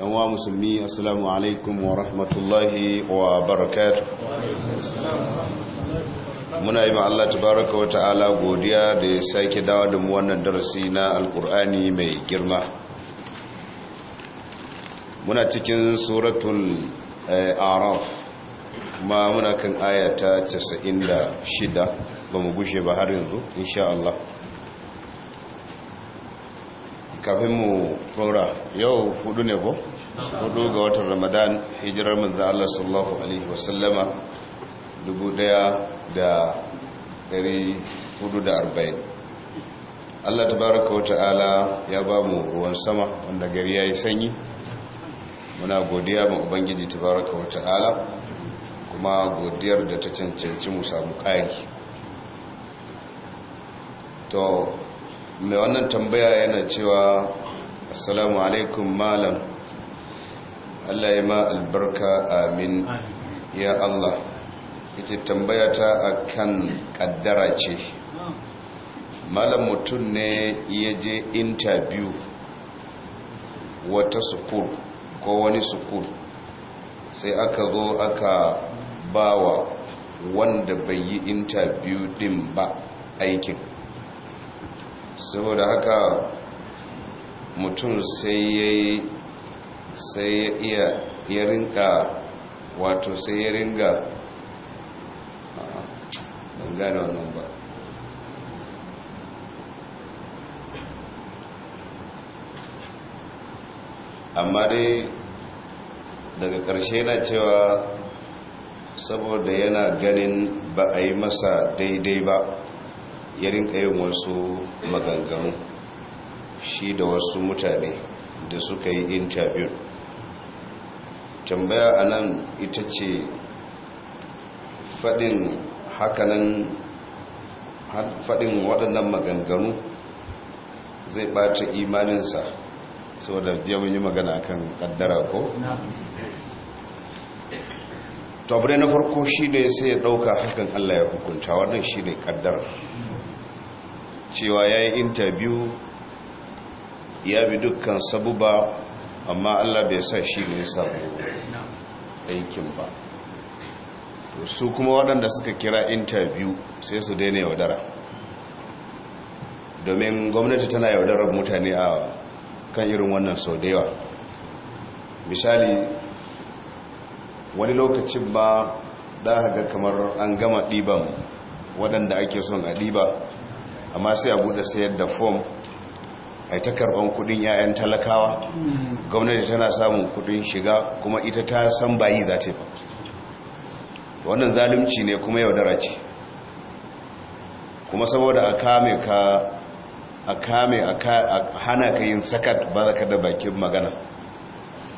yanwa musulmi assalamu alaikum wa rahmatullahi wa barakatu muna yi Allah tabaraka wa ta'ala godiya da ya sake dawa da mu wannan darasi na alkur'ani mai girma muna cikin suratul eh, araf kuma muna kan ayata 96 ba mu gushe ba har yanzu insha Allah kafin mu faura yau hudu ne ko hudu ga watan ramadan hijirar manzan Allah sallallahu alaihi wasallama arba'in Allah tabaraka wa ta'ala ya ba mu ruwan sama wanda gari ya yi sanyi muna godiya ma ubangiji tabaraka wa ta'ala kuma godiyar da ta cancanci mu samu ƙari to mai wannan tambaya yana cewa assalamu alaikum malam Allah ya ma albarka amin ya Allah ita tambaya ta a kan ƙaddara ce malam mutum ne ya je intabiyu wata sukul ko wani sukul sai aka zo aka bawa wanda bai yi intabiyu din ba aikin saboda haka mutum sai ya iya ya rinka wato sai ya ringa a ah, gane wannan ba amma dai daga ƙarshe na cewa saboda yana ganin ba a yi masa daidai ba ya rinka yin wasu maganganu shi da wasu mutane da suka yi intabiyun tambaya a nan ita ce faɗin hakanan faɗin waɗannan maganganu zai ɓata imaninsa sau jiya mun yi magana kan ƙaddara ko? tobre na farko shi ne sai ya ɗauka hakan allah ya hukunta wannan shi ne ƙaddara cewa ya yi intabiyu ya bi dukkan sabuba amma allah bai sa shi ne sabu aikin ba su kuma waɗanda suka kira intabiyu sai su daina yaudara domin gwamnati tana yaudarar mutane a kan irin wannan sau da yawa misali wani lokacin ba za ga kamar an gama ɗiban waɗanda ake son a ɗiba amma sai a bude sayar da fom a ta karban kudin 'ya'yan talakawa gwamnati tana samun kudin shiga kuma ita ta san bayi za ta ba wannan zalunci ne kuma yaudara ce kuma saboda a kame ka a kame a hana ka yin sakat ba za ka da bakin magana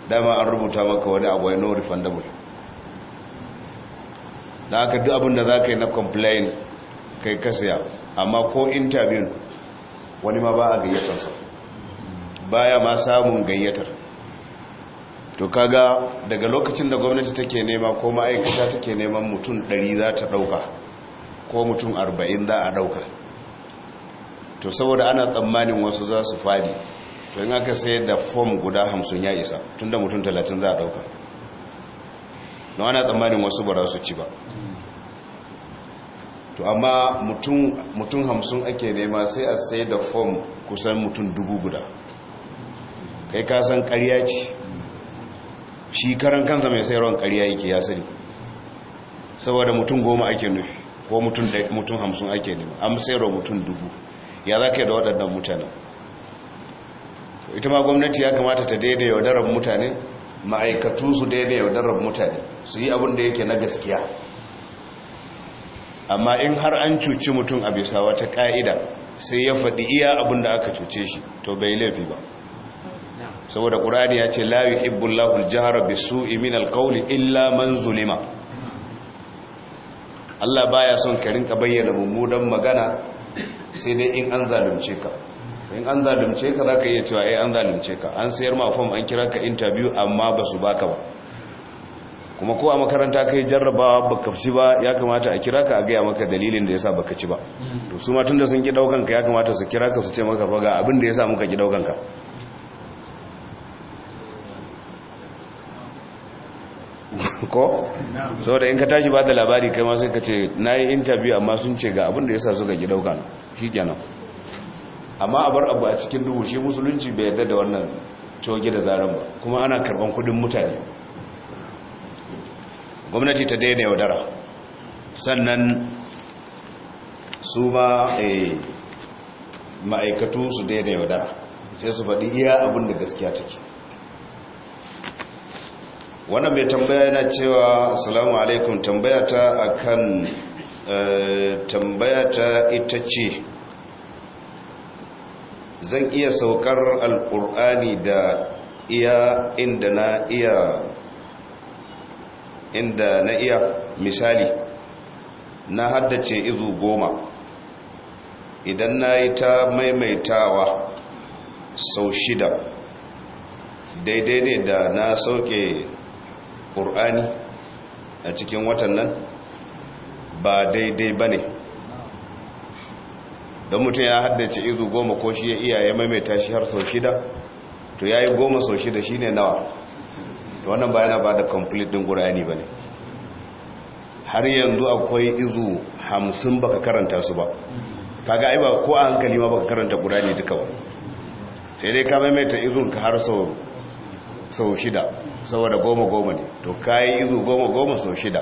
dama an rubuta maka wani abu ya no refundable da aka duk abin da za ka yi na complain kai kasiya amma ko intabin wani ma ba a gayyatarsa baya ma samun gayyatar to kaga daga lokacin da gwamnati take nema ko ma'aikata take neman mutum 100 za ta dauka ko mutum 40 za a dauka to saboda ana tsammanin wasu za su fadi to in aka sayar da form guda 50 ya isa tunda mutum 30 za a dauka na ana tsammanin wasu ba za su ci ba to amma mutum hamsin ake nema sai a sai da fom kusan mutum dubu guda kai kasan karya ce shi karan kansa mai sayarwar karya yake ya sani saboda mutum goma ake nufi ko mutum hamsin ake nema an sayarwa mutum dubu ya za ka yi da waɗannan mutanen ita ma gwamnati ya kamata ta daidai yaudarar mutane ma'aikatu su daidai yaudarar mutane su yi abin da yake na gaskiya amma in har an cuci mutum a bisa wata ka'ida sai ya faɗi iya abin da aka cuce shi to bai laifi ba saboda ƙurani ya ce layu lahul jihar bisu imin alƙauli illa man zulima Allah baya son ka rinka bayyana mummunan magana sai dai in an zalunce ka in an zalunce ka za ka iya cewa eh an zalunce ka an sayar ma fom an kira ka interview amma ba su baka ba kuma ko a makaranta kai jarrabawa baka ci ba ya kamata a kira ka a gaya maka dalilin da yasa baka ci ba to su ma tunda sun ki daukan ka ya kamata su kira ka su ce maka faga abin da yasa muka ki daukan ka ko saboda in ka tashi ba da labari kai ma sai ka ce nayi interview amma sun ce ga abin da yasa suka ki daukan shikenan amma a bar abu a cikin duhu shi musulunci bai yarda da wannan coge da zaran ba kuma ana karban kudin mutane gwamnati ta daina yaudara sannan su ma eh, ma'aikatu su daina yaudara sai su faɗi iya abin da gaskiya take wannan mai tambaya yana cewa assalamu alaikum tambaya ta akan eh, tambaya ta ita ce zan iya saukar alkur'ani da iya inda na iya inda na iya misali na haddace izu goma idan na yi ta maimaitawa sau shida daidai ne da na sauke ƙur'ani a cikin watan nan ba daidai ba ne don mutum ya haddace izu goma ko shi ya iya ya maimaita shi har sau shida to ya yi goma sau shida shi ne nawa to wannan ba ba da complete din qur'ani bane har yanzu akwai izu 50 baka karanta su ba kaga ai ba ko a hankali ma baka karanta qur'ani duka ba sai dai ka maimaita izu ka har sau sau shida saboda goma goma ne to yi izu goma goma sau shida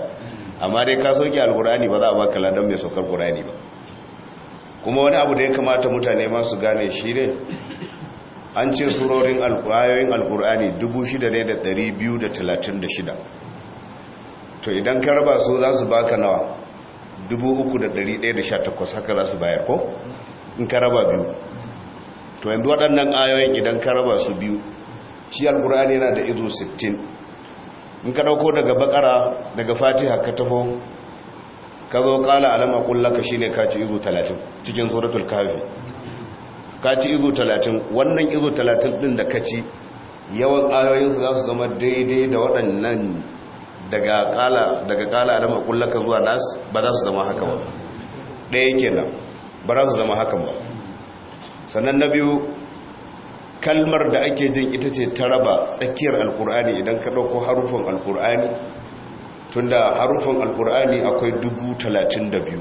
amma dai ka sauki alqur'ani ba za a baka ladan mai saukar qur'ani ba kuma wani abu da ya kamata mutane ma su gane shi ne an ce surorin alƙwayoyin alƙur'ani 6,236 to idan ka raba su za su baka nawa 3,118 haka za su bayar ko in ka raba biyu to yanzu waɗannan ayoyin idan ka raba su biyu shi alƙur'ani yana da izo 16 in ka ɗauko daga bakara daga fati haka tafo ka zo ƙala alama ƙullaka shi ne ka ci izo 30 cikin zuratul kafi ka ci izo talatin wannan izo talatin din da ka ci yawan ayoyinsu za su zama daidai da waɗannan daga kala alama kullaka zuwa nas ba za su zama haka ba ɗaya kenan ba za su zama haka ba sannan na biyu kalmar da ake jin ita ce ta raba tsakiyar alkur'ani idan ka ɗauko harufin alkur'ani tunda harufin alkur'ani akwai dubu talatin da biyu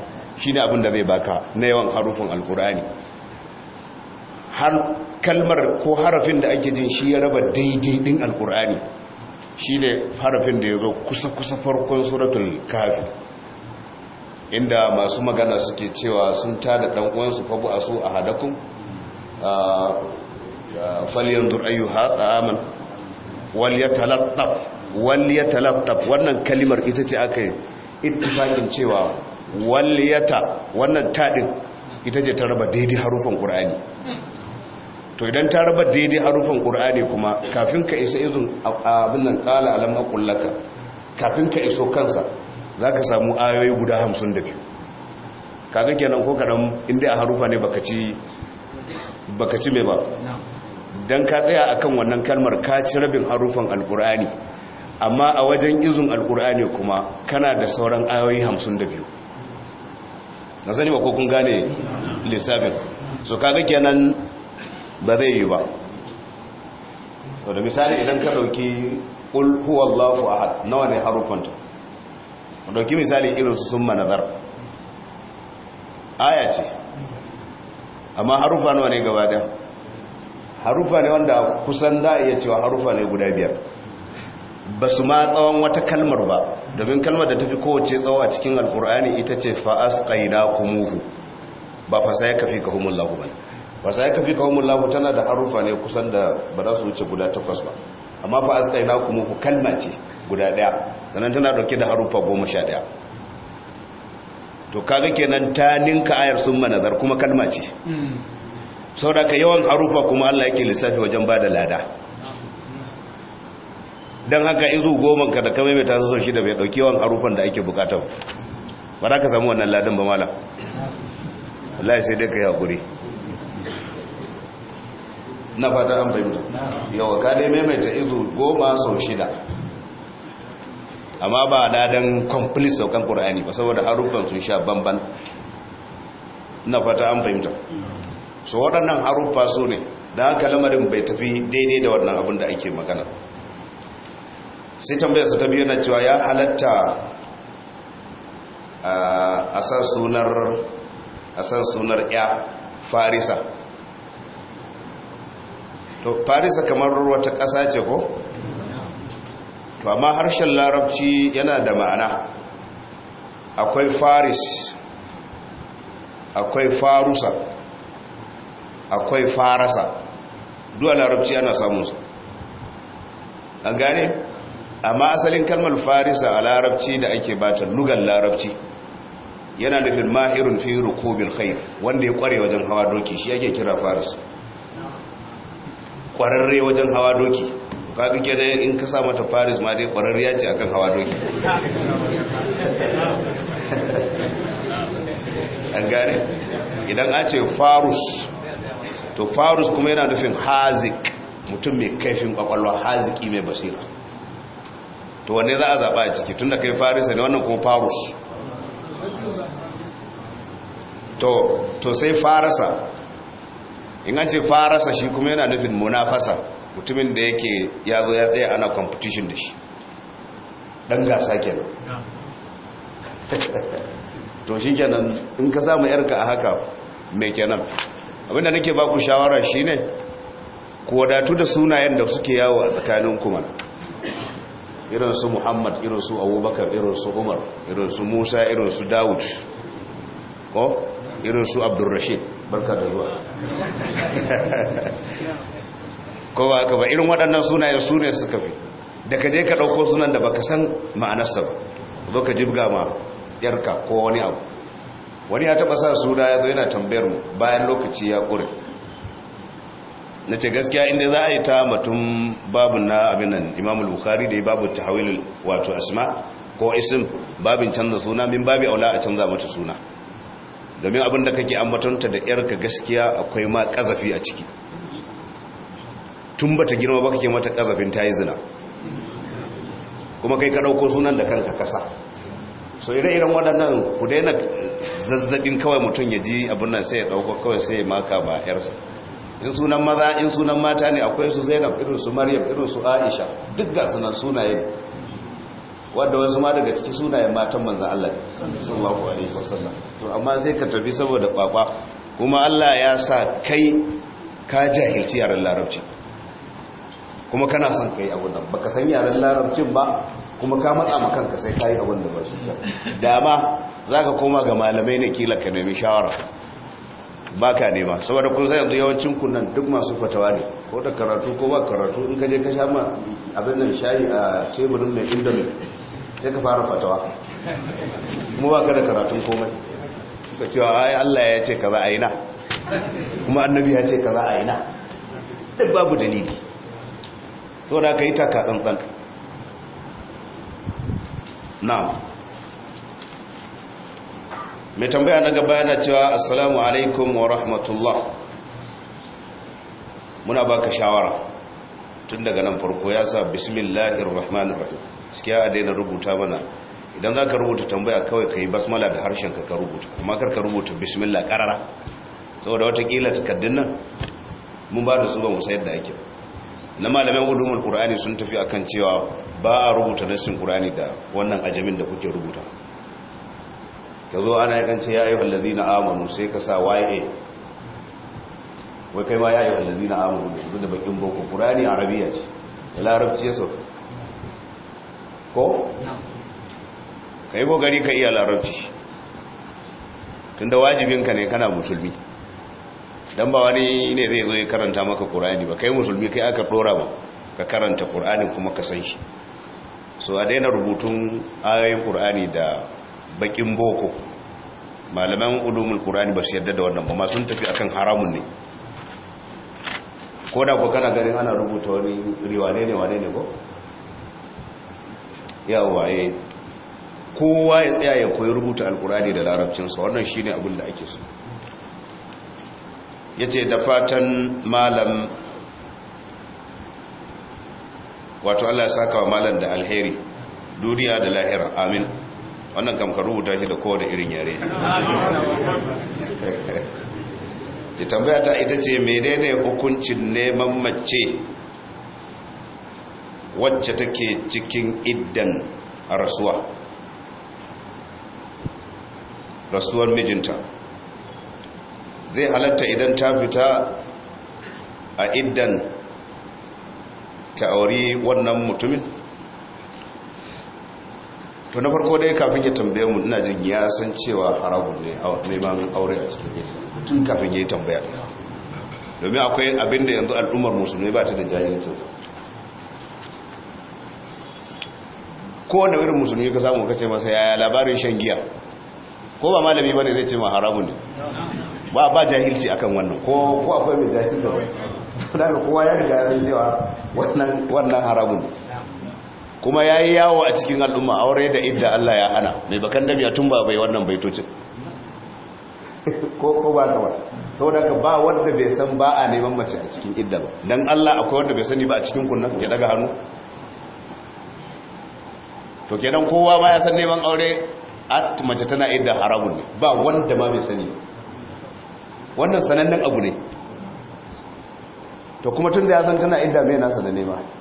shine abin da zai baka na yawan harufin alkur'ani har kalmar ko harafin da ake jin shi ya raba daidai din alkur'ani ne harafin da ya zo kusa-kusa farkon suratul kafi inda masu magana suke cewa sun tada dan uwansu fa a asu ahadakum ah, ah, falyanzur ayyuha aman a yatalattaf wal wannan kalimar ita ce aka yi ittifakin cewa walliyata wannan taɗin ita ce ta raba daidai harufan ƙur'ani to idan ta raba daidai harufan ƙur'ani kuma kafin ka isa izin abin nan ƙala alam ƙullaka kafin ka iso kansa za ka samu ayoyi guda hamsin da biyu kaga kenan ko kaɗan inda a harufa ne baka ci mai ba don ka tsaya a kan wannan kalmar ka ci rabin harufan alƙur'ani amma a wajen izin alƙur'ani kuma kana da sauran ayoyi hamsin da biyu na sani makokun gane lissafin so kaga kenan ba zai yi ba so da misali idan ka dauki qul a ahad nawa ne harufanta ka dauki misali irin su sun nazar aya ce amma harufa nawa ne gaba daya harufa ne wanda kusan da iya cewa harufa ne guda biyar ba su ma tsawon wata kalmar ba domin kalmar da ta fi kowace tsawo a cikin alfur'ani ita ce fa'as ƙaina kumuhu ba fasa ya kafi kahumun lahu ba fasa ya kafi kahumun lahu tana da harufa ne kusan da ba za su wuce guda takwas ba amma fa'as ƙaina kumuhu kalma ce guda ɗaya sannan tana ɗauke da harufa goma sha ɗaya to kaga kenan ta ninka ayar sun manazar kuma kalma ce hmm. sau da ka yawan harufa kuma allah yake lissafi wajen ba da lada don haka izu goma ka da ka maimaita su sau shida bai dauki yawan harufan da ake bukata ba za ka samu wannan ladin ba mala lai sai dai ka yi hakuri na fata an fahimta yawa ka dai maimaita izu goma sau shida amma ba ladan complete saukan ƙura'ani ba saboda harufan sun sha bamban na fata an fahimta so waɗannan harufa su ne da haka lamarin bai tafi daidai da wannan abin da ake magana sai tambayarsa ta biyu na cewa ya halatta ah, a san sunar ya farisa to farisa kamar wata ƙasa ce ko? to amma harshen larabci yana da ma'ana akwai faris akwai farusa akwai farasa duwa larabci ana samunsa an gane? amma asalin kalmar farisa a larabci da ake bata lugar larabci yana nufin mahirun fi rukubil khair wanda ya kware wajen hawa doki shi yake kira faris kwararre wajen hawa doki ka duke da in ka samu mata faris ma dai ya ce akan hawa doki an gane idan a ce farus to farus kuma yana nufin hazik mutum mai kaifin kwakwalwa haziki mai basira to wanne za a zaba a ciki tun da kai faris ne wannan kuma farus to sai farasa in an ce farasa shi kuma yana nufin munafasa mutumin da yake ya zo ya tsaye ana competition da shi dan gasa kenan to shi kenan in ka samu yarka a haka mai kenan abinda nake baku shawara shine ku wadatu da sunayen da suke yawo a tsakanin kuma irin su muhammad irin su abubakar irin su umar irin su musa irin su dawud ko irin su abdurrashid barka da zuwa kowa aka ba irin waɗannan sunayen su ne suka fi da ka je ka ɗauko sunan da baka san ma'anarsa ba zo ka jibga ma yarka ko wani abu wani ya taɓa sa suna ya zo yana tambayar mu bayan lokaci ya ƙure na ce gaskiya inda za a yi ta batun babin na abinan imamul bukari da ya babu tahawil wato asma ko isim babin canza suna min babi aula a canza mata suna domin abin da kake ambatonta da yarka gaskiya akwai ma kazafi a ciki tun bata girma ba kake mata kazafin ta yi zina kuma kai ka ɗauko sunan da kanka kasa so ire-iren waɗannan ku daina zazzabin kawai mutum ya ji abin nan sai ya ɗauko kawai sai ya maka ba yarsa in sunan maza in sunan mata ne akwai su zainab irin su maryam irin su aisha duk ga sunan sunaye wadda wasu ma daga ciki sunayen matan manzan Allah sallallahu alaihi wasallam to amma sai ka tafi saboda kwakwa kuma Allah ya sa kai ka jahilci yaran larabci kuma kana son kai abu nan baka san yaran larabcin ba kuma ka matsa ma kanka sai kai abin da ba shi dama zaka koma ga malamai ne kila ka nemi shawara ba ka nema saboda kun sai yanzu yawancin kunnan duk masu fatawa ne ko da karatu ko ba karatu in ka je ka sha ma abin nan shayi a teburin mai indomi sai ka fara fatawa kuma ba ka da karatun komai ka cewa ai Allah ya ce kaza aina kuma annabi ya ce kaza aina duk babu dalili saboda ka yi taka tsantsan na'am mai tambaya na gaba yana cewa assalamu alaikum wa rahmatullah muna baka shawara tun daga nan farko ya sa bismillahir rahmanir rahim sike a daina rubuta mana idan za ka rubuta tambaya kawai ka yi basmala da harshen ka ka rubuta kuma kar ka rubuta bismillah karara saboda wata kila takaddun nan mun ba da su ba mu sayar da ake na malaman ulumul qur'ani sun tafi akan cewa ba a rubuta nasin qur'ani da wannan ajamin da kuke rubuta ka zo ana yi ce ya yi wallazi na amanu sai ka sa ya wai kai ma ya ayyuhal ladina amanu yanzu da bakin boko a arabiya ce da larabci ya sauka ko ka yi gogari ka iya larabci tun da wajibinka ne kana musulmi don ba wani ne zai zo ya karanta maka kur'ani ba kai musulmi kai aka ɗora ba ka karanta kurani kuma ka san shi so a daina rubutun ayoyin kur'ani da bakin boko malaman ulumul qur'ani ba su yarda da wannan ba ma sun tafi akan haramun ne ko da ku kana ganin ana rubuta wani riwane ne wane ne ko yawa eh kowa ya tsaya ya koyi rubuta alkurani da larabcinsa wannan shine abin da ake so yace da fatan malam wato Allah ya saka wa malam da alheri duniya da lahira amin wannan kamkar rubuta shi da kowane irin yare ta tambaya ta ita ce menene hukuncin neman mace wacce take cikin iddan rasuwa rasuwar mijinta zai halatta idan ta fita a idan ta auri wannan mutumin to na farko dai kafin ya tambaye mu ina jin ya san cewa harabu ne neman aure a cikin gida tun kafin ya yi tambaya domin akwai abin da yanzu al'ummar musulmi ba ta da jahilcin wanda irin musulmi ka samu kace masa yaya labarin shan giya ko ba malami bane zai ce ma harabu ne ba ba jahilci akan wannan ko ko akwai mai jahilci ba da kowa ya riga ya san cewa wannan wannan haramun ne kuma ya yi yawo a cikin al'umma aure da idda Allah ya hana mai bakan biya tun ba bai wannan baitocin ko ba ta ba sau da ka ba wadda bai san ba a neman mace a cikin idda ba don Allah akwai wadda bai sani ba a cikin kunan ya daga hannu to kenan kowa ba ya san neman aure a mace tana idda haramun ne ba wanda ma bai sani wannan sanannen abu ne to kuma tun da ya san tana idda mai nasa da nema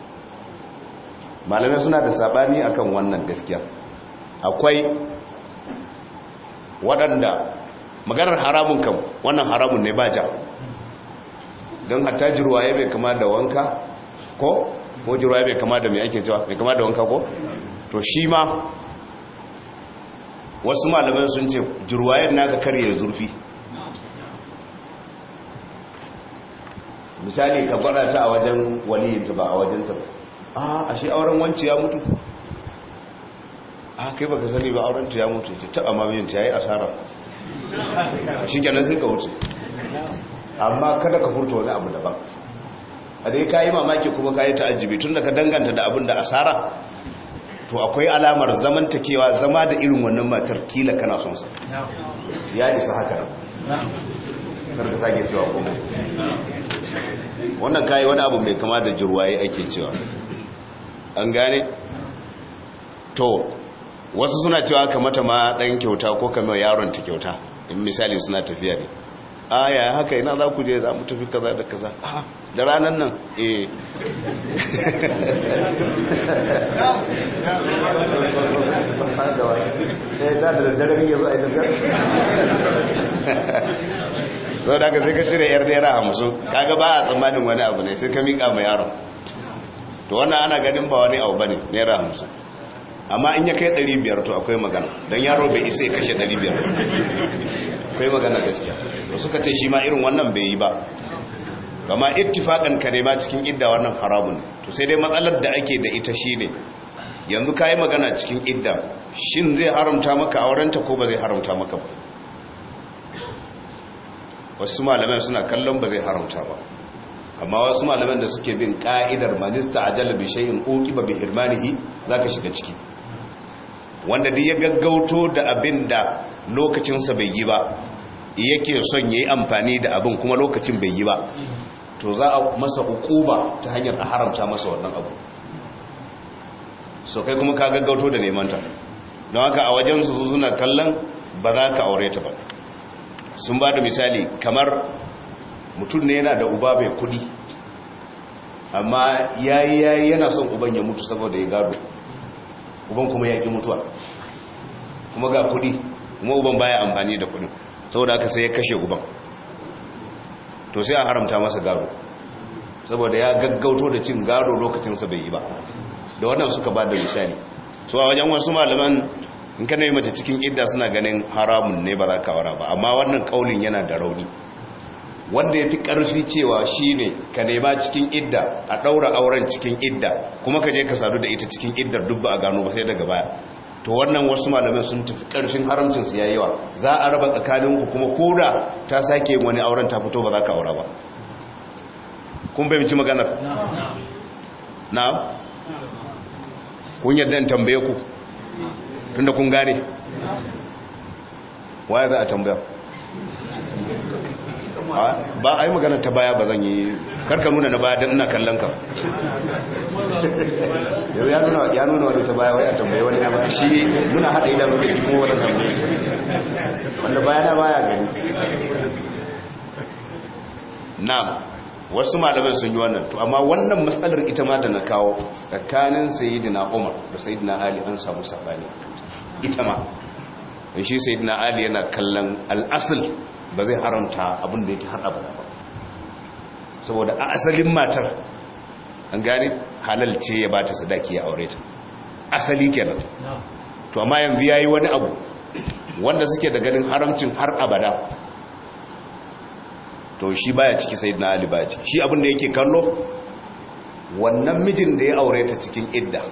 malamai suna da sabani akan wannan gaskiya akwai waɗanda maganar haramun kan wannan haramun ne ba ja don hatta jirwa ya bai kama da wanka ko ko jirwa ya bai kama da mai ake cewa bai kama da wanka ko to shi ma wasu malamai sun ce jirwayen ka karye zurfi misali ka fara ta a wajen waliyinta ba a wajen ta ba a ashe auren wanci ya mutu a kai baka sani ba auren ta ya mutu ta taba biyan ta yi asara shi kenan sai ka wuce amma kada ka furta wani abu daban a dai ka yi mamaki kuma ka yi ta'ajibi tun da ka danganta da abin da asara to akwai alamar zaman takewa zama da irin wannan matar kila kana son sa ya isa haka nan kar ka sake cewa kuma wannan kai wani abu mai kama da jirwaye ake cewa an gane to wasu suna cewa kamata ma dan kyauta ko kamar yaron ta kyauta in misali suna tafiya ne aya haka ina za ku je za mu tafi kaza da kaza da ranar nan eh sau da aka sai ka cire yar naira hamsin kaga ba a tsammanin wani abu ne sai ka miƙa ma yaron to wannan ana ganin ba wani abu bane naira hamsin amma in ya kai 500 biyar to akwai magana don yaro bai isa ya kashe 500 biyar akwai magana gaskiya to suka ce shi ma irin wannan bai yi ba kuma ittifaƙan kare ma cikin idda wannan haramun to sai dai matsalar da ake da ita shi ne yanzu ka yi magana cikin idda shin zai haramta maka aurenta ko ba zai haramta maka ba wasu malamai suna kallon ba zai haramta ba amma wasu malaman da suke bin ka'idar manista a bi shay'in ba bi irmanihi ka shiga ciki wanda da ya gaggauto da abin da lokacinsa bai yi ba yake son yi amfani da abin kuma lokacin bai yi ba to za a masa hukuma ta hanyar a haramta masa wannan abu so kai kuma ka gaggauto da nemanta. don haka a wajen su suna kallon ba za ka aure ta ba sun ba da misali kamar mutum ne yana da uba bai kudi amma yayi yayi yana son uban ya mutu saboda ya gado uban kuma ya ƙi mutuwa kuma ga kudi kuma uban baya amfani da kudin saboda aka sai ya kashe uban to sai a haramta masa gado saboda ya gaggauto da cin gado lokacinsa bai yi ba da wannan suka ba da misali so a wajen wasu malaman in ka nemi mace cikin idda suna ganin haramun ne ba za ka wara ba amma wannan kaulin yana da rauni wanda ya fi ƙarfi cewa shi ne ka nema cikin idda a ɗaura auren cikin idda kuma ka je ka sadu da ita cikin iddar dubba a gano ba sai daga baya to wannan wasu malamai sun tafi ƙarfin haramcin su yayi yawa za a raba ku kuma koda ta sake wani auren ta fito ba za ka aura ba kun bai mici maganar na kun yadda in tambaye ku tunda kun gane waye za a tambaya ba a yi magana ta baya ba zan yi karka nuna na baya don ina kallon ka ya nuna wani ta baya wai tambaye wani ba shi muna haɗa idanu da shi kuma wani tambaye shi wanda baya na baya gani na wasu malaman sun yi wannan to amma wannan matsalar ita ma da na kawo tsakanin sayidina umar da sayidina ali an samu sabani ita ma shi sayidina ali yana kallon al'asul ba zai haramta abin da yake har abada ba saboda a asalin matar an gari halal ce ya bata sadaki ya aure ta asali kenan to amma yanzu yayi wani abu wanda suke da ganin haramcin har abada to shi baya ciki sayyidina ali baya ciki shi abin da yake kallo wannan mijin da ya aure ta cikin idda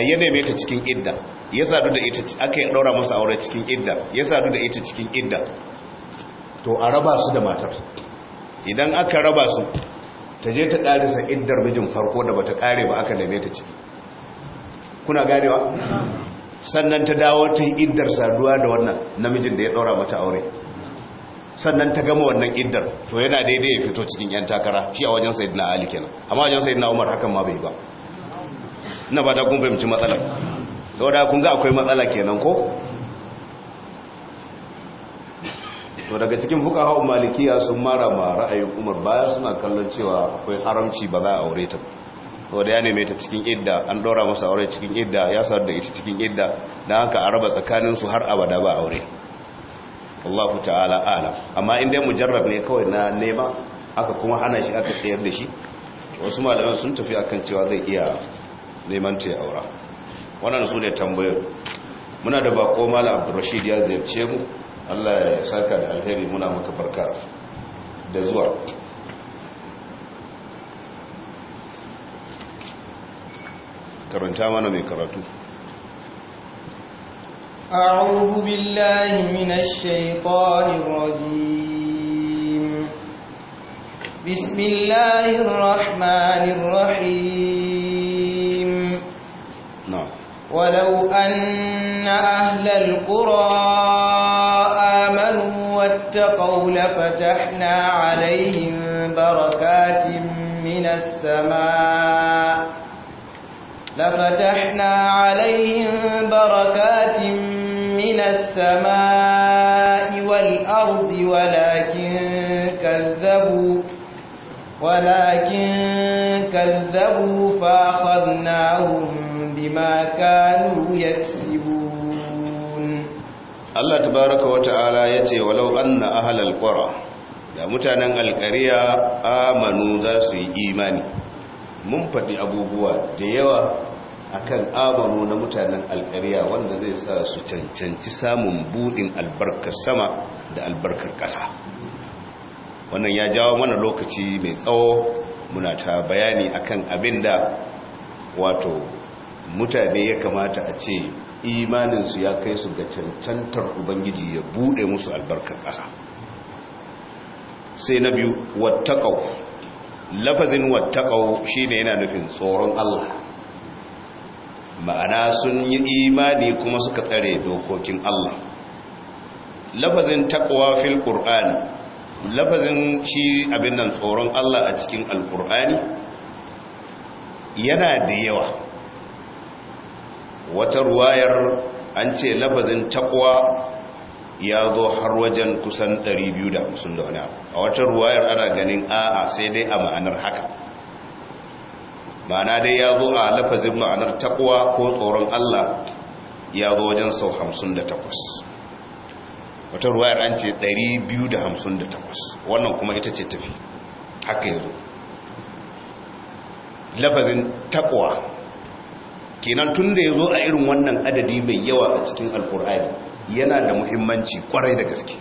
ayyane mai ta cikin idda ya sadu da ita akai yi daura masa aure cikin idda ya sadu da ita cikin idda to a raba su da matar idan aka raba su ta je ta sa iddar mijin farko da bata ƙare ba aka neme ta ciki kuna ganewa sannan ta dawo ta yi iddar saduwa da wannan namijin da ya ɗaura mata aure sannan ta gama wannan iddar to yana daidai ya fito cikin 'yan takara shi a wajen na ali kenan amma wajen na umar hakan ma bai ba na ba ta kun fahimci matsalar saboda kun ga akwai matsala kenan ko to daga cikin hau malikiya sun mara ma ra'ayin umar baya suna kallon cewa akwai haramci ba za a aure ta to da ya neme ta cikin idda an ɗora masa aure cikin idda ya sa da ita cikin idda dan haka a raba tsakanin su har abada ba aure Allahu ta'ala ala amma in dai mujarrab ne kawai na nema aka kuma hana shi aka tsayar da shi wasu malaman sun tafi akan cewa zai iya neman ta aura wannan su ne tambayoyi muna da bako malam Abdurrashid ya ziyarce mu Allah ya saka da alheri muna maka barka da zuwa karanta mana mai karatu أعوذ بالله من الشيطان الرجيم بسم الله الرحمن الرحيم نعم ولو أن أهل القرى واتقوا لفتحنا عليهم بركات من السماء لفتحنا عليهم بركات من السماء والأرض ولكن كذبوا ولكن كذبوا فأخذناهم بما كانوا يكسبون Allah tabaraka wa ta'ala ya ce walau anna ahlal qura da mutanen alƙariya amanu za su yi imani mun faɗi abubuwa da yawa akan amanu na mutanen alƙariya wanda zai sa su cancanci samun buɗin albarkar sama da albarkar ƙasa wannan ya jawo mana lokaci mai tsawo muna ta bayani akan abin da wato mutane ya kamata a ce imaninsu ya kai su ga cancantar ubangiji ya bude musu albarkar ƙasa sai na biyu wattaƙau lafazin wattaƙau shi ne yana nufin tsoron allah ma'ana sun yi imani kuma suka tsare dokokin allah lafazin taƙwa fil ƙur'ani lafazin shi abin nan tsoron Allah a cikin alkur'ani yana da yawa wata ruwayar an ce lafazin takwa ya zo har wajen kusan 250 da wani abu a wata ruwayar ana ganin a'a sai dai a ma'anar haka ma'ana dai ya zo a lafazin ma'anar takwa ko tsoron Allah ya zo wajen sau 58 wata ruwayar an ce 258 wannan kuma ita ce tafi haka ya zo. lafazin takwa kenan tun da ya zo a irin wannan adadi mai yawa a cikin alkur'ani yana da muhimmanci kwarai da gaske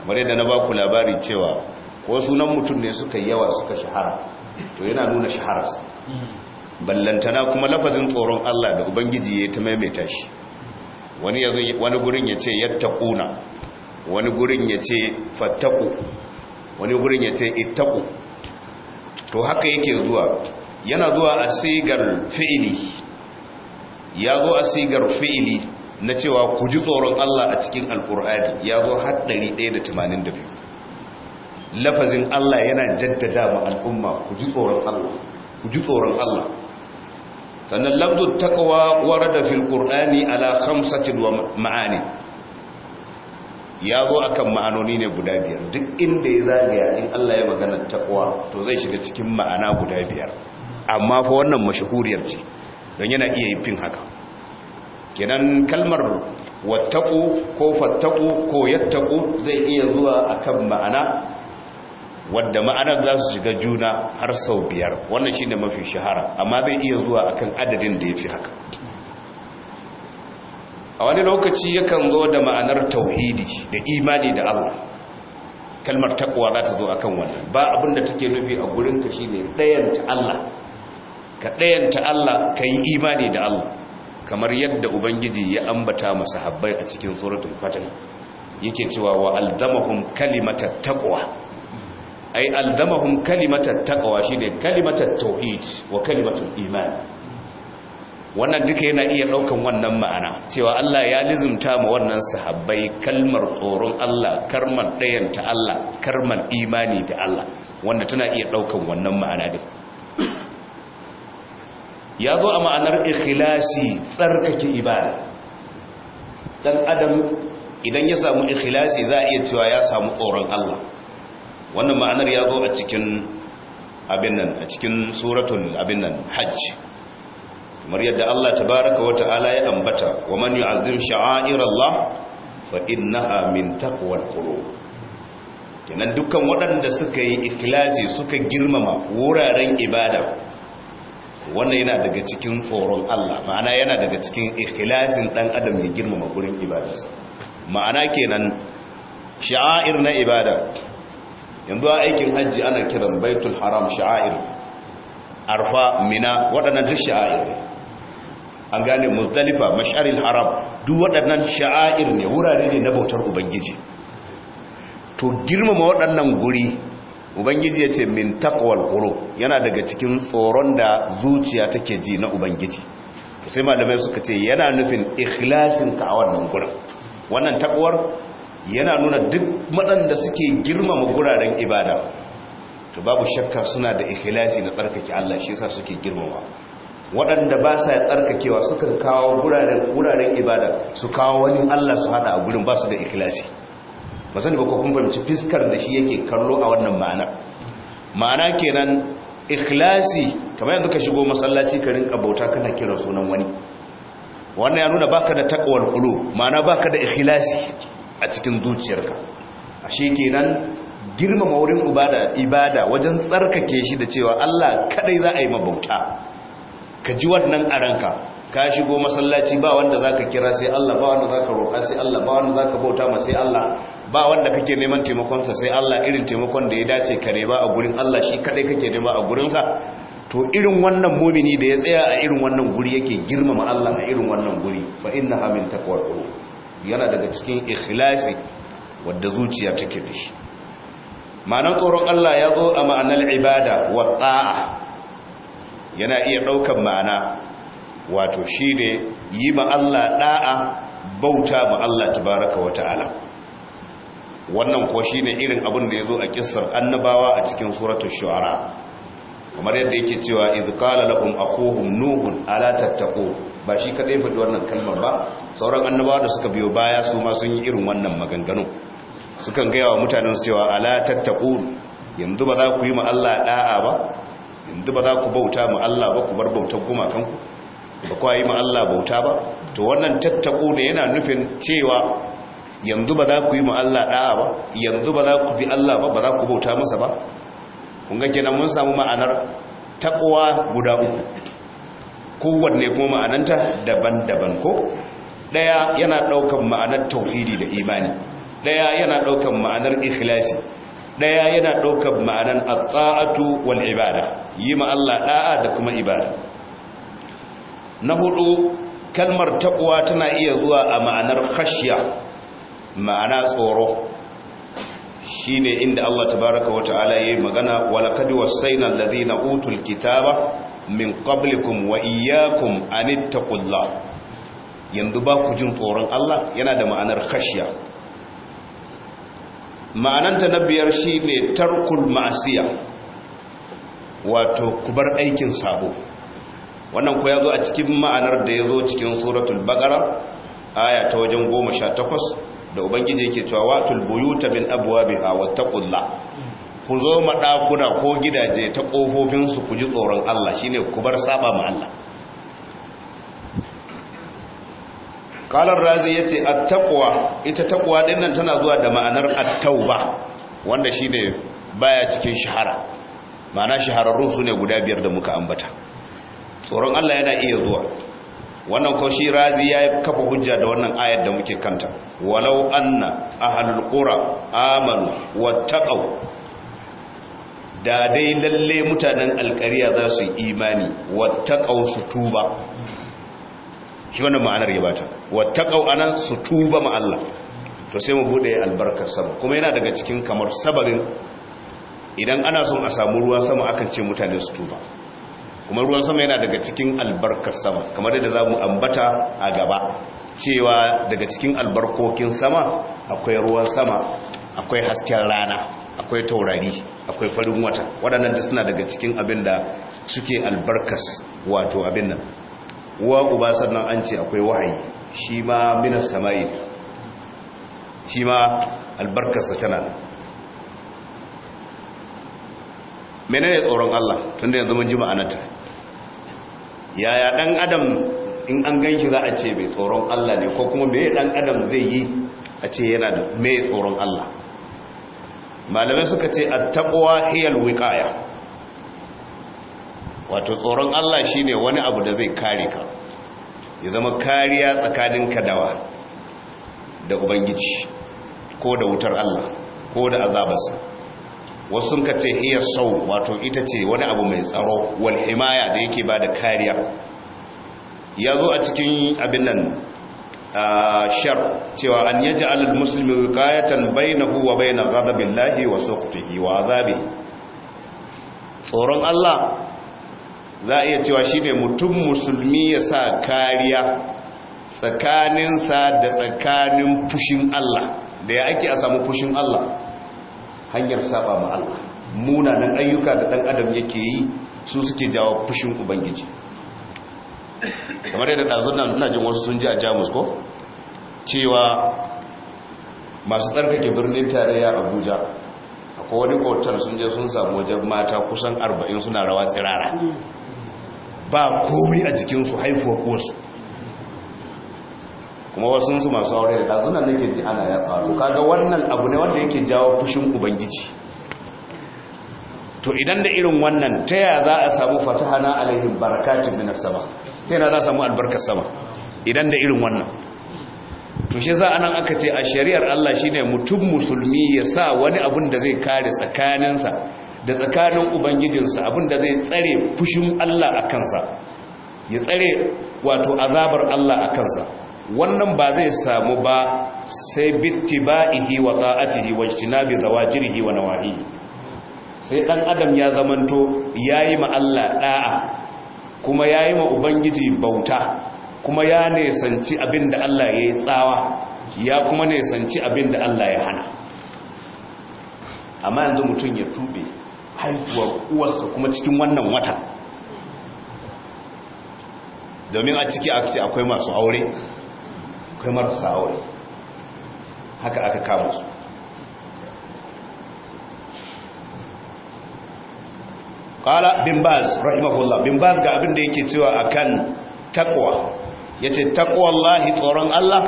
kamar yadda na ba ku labari cewa ko sunan mutum ne suka yawa suka shahara to yana nuna shahararsa ballantana kuma lafazin tsoron Allah da ubangiji ya ta maimaita shi wani gurin ya ce yattaquna wani gurin ya ce fattaku wani gurin ya ce ittaku to haka yake zuwa yana zuwa a sigar fi'ili ya zo a sigar fi'ili na cewa ku ji tsoron Allah a cikin alkur'ani ya zo har 182 lafazin Allah yana jaddada ma al'umma ku ji tsoron Allah ku ji tsoron Allah sannan lafzul taqwa warada fil qur'ani ala khamsatin wa ma'ani ya zo akan ma'anoni ne guda biyar duk inda ya zagaya in Allah ya magana taqwa to zai shiga cikin ma'ana guda biyar amma fa wannan mashahuriyar ce don yana iya yi fin haka kenan kalmar wattaku ko fattaku ko yattaku zai iya zuwa akan ma'ana wadda ma'anar za su shiga juna har sau biyar wannan shi ne mafi shahara amma zai iya zuwa akan adadin da ya fi haka a wani lokaci yakan zo da ma'anar tauhidi da imani da allah kalmar takwa za ta zo akan wannan ba abinda take nufi a gurinka shine ta allah ka ɗayanta Allah ka yi imani da Allah kamar yadda ubangiji ya ambata masu habbai a cikin suratul fatan, yake cewa wa kalimatar kalimatat ai aldamahun kalimatar kalimatat shi shine kalimatar tauhid wa kalimatar iman wannan duka yana iya daukan wannan ma'ana cewa Allah ya lizumta ma wannan sahabbai kalmar tsoron Allah karmar ɗayanta Allah karmar imani da Allah wanda tana iya daukan wannan ma'ana din ya zo a ma'anar ikhlasi tsarkake ibada dan adam idan ya samu ikhlasi za a iya cewa ya samu tsoron Allah wannan ma'anar ya zo a cikin abin nan a cikin suratul abin nan hajj kamar yadda Allah tabaaraka wa ta'ala ya ambata wa man yu'azzim sha'airallah fa innaha min taqwal qulub kenan dukkan waɗanda suka yi ikhlasi suka girmama wuraren ibada wannan yana daga cikin tsoron Allah ma'ana yana daga cikin ikhlasin dan adam ya girmama gurin ibadarsa ma'ana kenan sha'air na ibada yanzu a aikin hajji ana kiran baitul haram sha'air arfa mina waɗannan duk sha'air ne an gane muzdalifa mash'aril haram duk waɗannan sha'air ne wurare ne na bautar ubangiji to girmama waɗannan guri ubangiji ya ce min takwal kuro yana daga cikin tsoron da zuciya take ji na ubangiji sai malamai suka ce yana nufin ikhlasin ka a wannan wannan takwar yana nuna duk waɗanda suke girmama guraren ibada to babu shakka suna da ikhlasi na tsarkake Allah shi sa suke girmama waɗanda ba sa tsarkakewa suka kawo guraren ibada su kawo wani Allah su hada a gurin ba su da ikhlasi ba sani ba ko kun fahimci fiskar da shi yake kallo a wannan ma'anar ma'ana kenan ikhlasi kamar yanzu ka shigo masallaci ka rinka bauta kana kira sunan wani wannan ya nuna baka da taqwal qulu ma'ana baka da ikhlasi a cikin zuciyarka ashe kenan girmama wurin ibada ibada wajen tsarkake shi da cewa Allah kadai za a yi mabauta ka ji wannan a ranka ka shigo masallaci ba wanda zaka kira sai Allah ba wanda zaka roƙa sai Allah ba wanda zaka bauta ma sai Allah ba wanda kake neman sa sai Allah irin taimakon da ya dace kare ba a gurin Allah shi kadai kake nema a gurinsa to irin wannan mumini da ya tsaya a irin wannan guri yake girmama Allah a irin wannan guri fa innaha min taqwa yana daga cikin ikhlasi wadda zuciya take da shi ma'anar tsoron Allah ya zo a ma'anar ibada wa ta'a yana iya ɗaukan ma'ana wato shi ne yi ma Allah ɗa'a bauta ma Allah tabaraka wa ta'ala wannan ko shi ne irin abin da ya zo a kisar annabawa a cikin suratun shu'ara kamar yadda yake cewa izkala la'un akuhum nuhun ala ba shi kaɗai faɗi wannan kalmar ba sauran annabawa da suka biyo baya su ma sun yi irin wannan maganganu sukan gaya wa mutanen su cewa ala tattaqu yanzu ba za ku yi ma Allah ɗa'a ba yanzu ba za ku bauta ma ba ku bar bautar gumakan ku ba ku yi ma bauta ba to wannan tattako ne yana nufin cewa yanzu ba za ku yi mu ɗa'a ba yanzu ba za ku bi Allah ba ba za ku bauta masa ba ƙunga ga kenan mun samu ma'anar taqwa guda uku kowanne kuma ma'ananta daban-daban ko Ɗaya yana ɗaukan ma'anar tauhidi da imani Ɗaya yana ɗaukan ma'anar ikhlasi Ɗaya yana ɗaukar ma'anar a tsa'atu wal ibada yi ma Allah da kuma ibada na hudu kalmar taqwa tana iya zuwa a ma'anar khashya ma'ana tsoro shi ne inda Allah tabaraka wata'ala yi magana walaqad wasaina alladhina utul kitaba min qablikum wa an yanzu ba ku jin tsoron Allah yana da ma'anar khashya ma'ananta na biyar ne tarkul ma'asiya wato kubar aikin sabo wannan ku ya zo a cikin ma'anar da ya zo cikin suratul baqara aya ta wajen goma sha 18 da ubangiji yake cewa watul buyuta min abwabiha wattaqullah ku zo madakuna ko gidaje ta kofofin su ku ji tsoron Allah shine ku bar saba ma Allah kalar razi yace attaqwa ita taqwa din nan tana zuwa da ma'anar at-tauba wanda shine baya cikin shahara ma'ana shahararru sune guda biyar da muka ambata tsoron Allah yana iya zuwa wannan ko shi razi ya kafa hujja da wannan ayar da muke kanta walau anna ahlul qura amanu wattaqu da dai lalle mutanen alkariya za su yi imani wattaqu su tuba shi wannan ma'anar ya bata wattaqu anan su tuba ma Allah to sai mu bude albarkar sama kuma yana daga cikin kamar sababin idan ana son a samu ruwa sama akan ce mutane su tuba kuma ruwan sama yana daga cikin albarkar sama kamar yadda za mu ambata a gaba cewa daga cikin albarkokin sama akwai ruwan sama akwai hasken rana akwai taurari akwai farin wata waɗannan da suna daga cikin abin da suke albarkas wato abin nan uwa uba sannan an ce akwai wahayi shi ma minas sama'i shi ma albarkarsa tana menene tsoron Allah tunda yanzu mun ji ma'anarta yaya dan adam in an gan shi za a ce mai tsoron Allah ne ko kuma mai dan adam zai yi a ce yana da mai tsoron Allah malamai suka ce attaqwa hiyal wiqaya wato tsoron Allah shine wani abu da zai kare ka ya zama kariya tsakanin dawa da ubangiji ko da wutar Allah ko da azabarsa wasu kace ka ce iya sau wato ita ce wani abu mai tsaro wal himaya da yake ba da kariya ya zo a cikin abin nan shar cewa an ji alal musulmi bayna huwa bayna gazabin lahi wa suqtihi wa zabe tsoron Allah za a iya cewa shi ne mutum musulmi ya sa kariya tsakaninsa da tsakanin fushin Allah da ya ake a samu fushin Allah hanyar saba ma Allah munanan ayyuka da dan adam yake yi su suke jawo fushin ubangiji kamar yadda ɗazun nan jin wasu sun ji a jamus ko cewa masu tsarkake birnin tarayya abuja akwai wani otal sun je sun samu wajen mata kusan arba'in suna rawa tsirara ba komai a jikinsu haifuwa kosu kuma wasu su masu aure da dazuna yake ji ana ya faru kaga wannan abu ne wanda yake jawo fushin ubangiji to idan da irin wannan ta ya za a samu fatahana alaihim barakatun minas sama ta yana za a samu albarkar sama idan da irin wannan to shi za a nan aka ce a shari'ar Allah shine mutum musulmi ya sa wani abun da zai kare tsakaninsa da tsakanin ubangijinsa abun da zai tsare fushin Allah a kansa ya tsare wato azabar Allah a kansa wannan ba zai samu ba sai bitti bittiba'ihi wa ta'atihi wa zawa jirhi wa nawahi sai dan adam ya zamanto yayi ma Allah ɗa'a kuma yayi ma ubangiji bauta kuma ya nesanci abinda Allah ya yi tsawa ya kuma nesanci abinda Allah ya hana amma yanzu mutum ya tube haihuwar uwarsa kuma cikin wannan wata domin a ciki akwai masu aure akwai marasa aure haka aka kama su ƙala bin baz rahimahullah bin ga abin da yake cewa akan takwa yace takwallahi tsoron Allah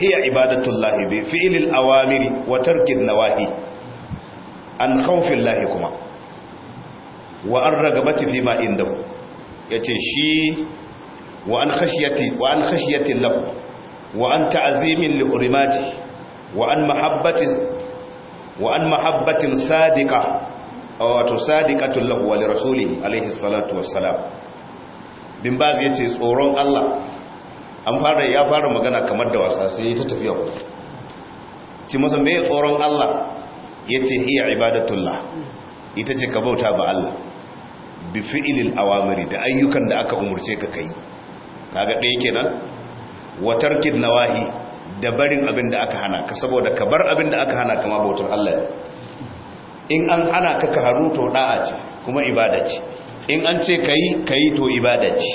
hiya ibadatullahi bi fi'lil awamiri wa tarkin nawahi an khawfillahi kuma wa an ragabati fi ma indahu yace shi wa an khashiyati wa an khashiyati lahu wa an ta'azimin li hurumati wa an mahabbati wa an mahabbatin sadiqa wato sadiqatul lahu wa li rasulihi alaihi salatu bin tsoron Allah an fara ya fara magana kamar da wasa sai ta tafiya ku ci masa mai tsoron Allah ya ce iya ibadatullah ita ce ka bauta ba Allah bi fi'ilil awamari da ayyukan da aka umurce ka kai kaga ɗaya kenan wa tarkin nawahi da barin abin da aka hana ka saboda ka bar abin da aka hana kama bautar Allah in an hana ka ka haru to da'a ce kuma ibada ce in an ce ka yi to ibada ce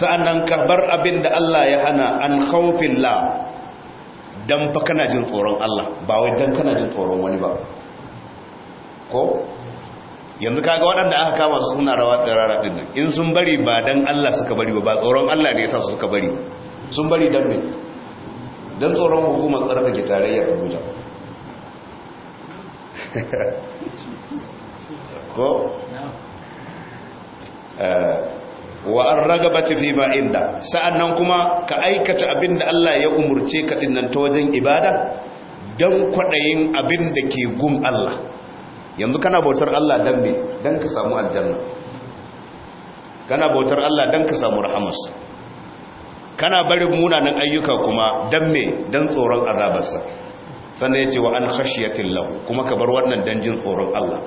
sa'annan ka bar abin da Allah ya hana an khawfin la dan fa kana jin tsoron Allah ba wai dan kana jin tsoron wani ba ko yanzu kaga waɗanda aka kama su suna rawa tsirara ɗin nan in sun bari ba don Allah suka bari ba tsoron Allah ne sa su suka bari sun bari don ne don tsoron hukumar tsarkake tarayyar Abuja ko eh, wa an bace fi ba inda sa'an nan kuma ka aikata abin da Allah ya umurce ka nan ta wajen ibada don kwaɗayin abin da ke gum Allah yanzu kana bautar Allah don me dan ka samu aljanna kana bautar Allah dan ka samu rahamarsa kana barin munanan ayyuka kuma don me dan tsoron azabarsa sannan ce wa an khashiyatil lahu kuma ka bar wannan dan jin tsoron Allah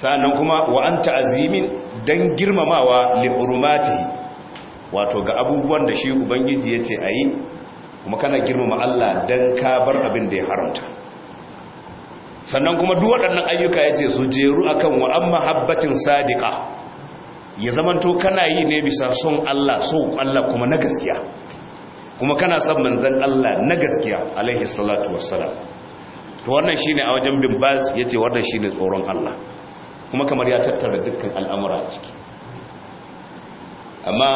sannan kuma wa an ta'azimin dan girmamawa li wato ga abubuwan da shi ubangiji yace ayi kuma kana girmama Allah dan ka bar abin da ya haramta sannan kuma duk waɗannan ayyuka ya ce su jeru akan kan wa’an mahabbacin sadiqa ya zamanto kana yi ne bisa son Allah so Allah kuma na gaskiya kuma kana son manzan Allah na gaskiya alaihi salatu wassalam to wannan shi ne a wajen bin baz ce wannan shi ne tsoron Allah kuma kamar ya tattara dukkan al'amura a ciki amma